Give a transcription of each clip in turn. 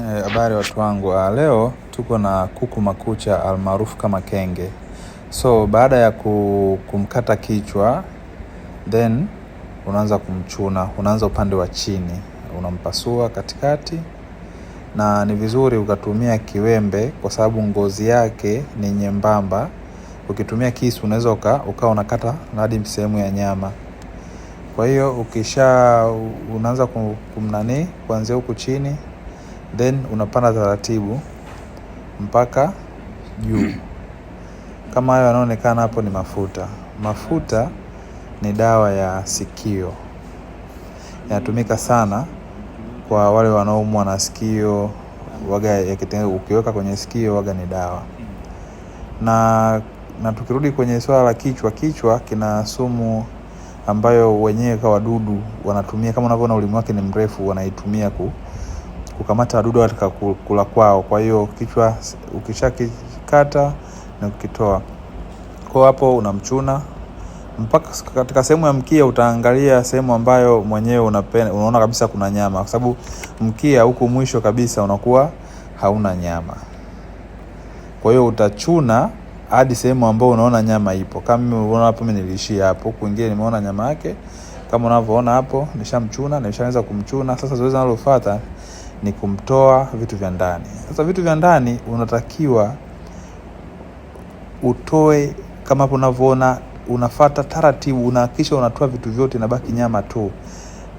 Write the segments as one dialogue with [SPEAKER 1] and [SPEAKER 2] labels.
[SPEAKER 1] Eh, habari e, watu wangu, ah, leo tuko na kuku makucha almaarufu kama kenge. So baada ya kumkata kichwa, then unaanza kumchuna, unaanza upande wa chini, unampasua katikati, na ni vizuri ukatumia kiwembe kwa sababu ngozi yake ni nyembamba. Ukitumia kisu unaweza ukawa unakata hadi sehemu ya nyama. Kwa hiyo ukisha unaanza kumnani kuanzia huku chini then unapanda taratibu mpaka juu. Kama hayo yanaonekana hapo ni mafuta. Mafuta ni dawa ya sikio, yanatumika sana kwa wale wanaoumwa na sikio, waga ukiweka kwenye sikio waga ni dawa. Na na tukirudi kwenye swala la kichwa, kichwa kina sumu ambayo wenyewe kwa wadudu wanatumia, kama unavyoona ulimi wake ni mrefu, wanaitumia ku kukamata wadudu katika kula kwao. Kwa hiyo kichwa ukishakikata na kukitoa kwa hapo, unamchuna mpaka katika sehemu ya mkia. Utaangalia sehemu ambayo mwenyewe unapenda, unaona kabisa kuna nyama, kwa sababu mkia huku mwisho kabisa unakuwa hauna nyama. Kwa hiyo utachuna hadi sehemu ambayo unaona nyama ipo. Kama mimi unaona hapo, mimi niliishia hapo, kuingia nimeona nyama yake. Kama unavyoona hapo, nishamchuna, na nishaanza kumchuna. Sasa zoezi linalofuata ni kumtoa vitu vya ndani. Sasa vitu vya ndani unatakiwa utoe kama hapo unavyoona, unafata taratibu, unahakikisha unatoa vitu vyote, inabaki nyama tu.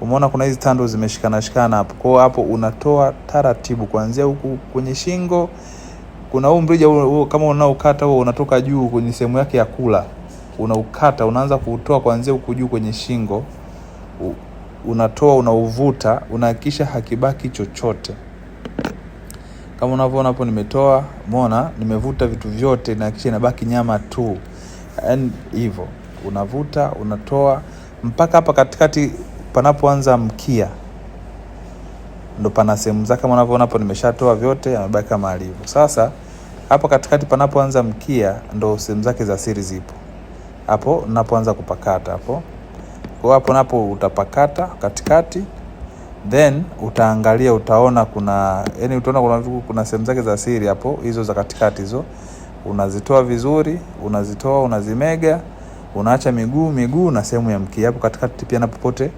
[SPEAKER 1] Umeona kuna hizi tando zimeshikana shikana hapo, kwa hapo unatoa taratibu, kuanzia huku kwenye shingo. Kuna huu mrija kama unaokata huo, unatoka juu kwenye sehemu yake ya kula, unaukata, unaanza kuutoa kuanzia huku juu kwenye shingo unatoa unauvuta, unahakikisha hakibaki chochote. Kama unavyoona hapo, nimetoa umeona, nimevuta vitu vyote, nahakikisha inabaki nyama tu. And hivyo unavuta unatoa mpaka hapa katikati panapoanza mkia ndo pana sehemu zake. Kama unavyoona hapo, nimeshatoa vyote, yamebaki kama alivyo. Sasa hapo katikati panapoanza mkia ndo sehemu zake za siri zipo hapo, napoanza kupakata hapo. Kwa hapo napo utapakata katikati, then utaangalia, utaona kuna yani, utaona kuna, kuna sehemu zake za siri hapo, hizo za katikati hizo unazitoa vizuri, unazitoa unazimega, unaacha miguu miguu na sehemu ya mkia hapo katikati pia, na popote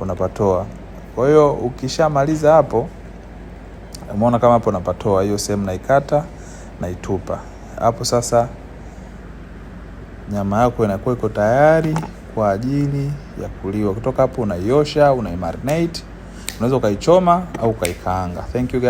[SPEAKER 1] unapatoa. Kwa hiyo ukishamaliza hapo, umeona kama hapo unapatoa hiyo sehemu, naikata naitupa hapo. Sasa nyama yako inakuwa iko tayari kwa ajili ya kuliwa. Kutoka hapo unaiosha, unaimarinate, unaweza ukaichoma au ukaikaanga.
[SPEAKER 2] Thank you guys.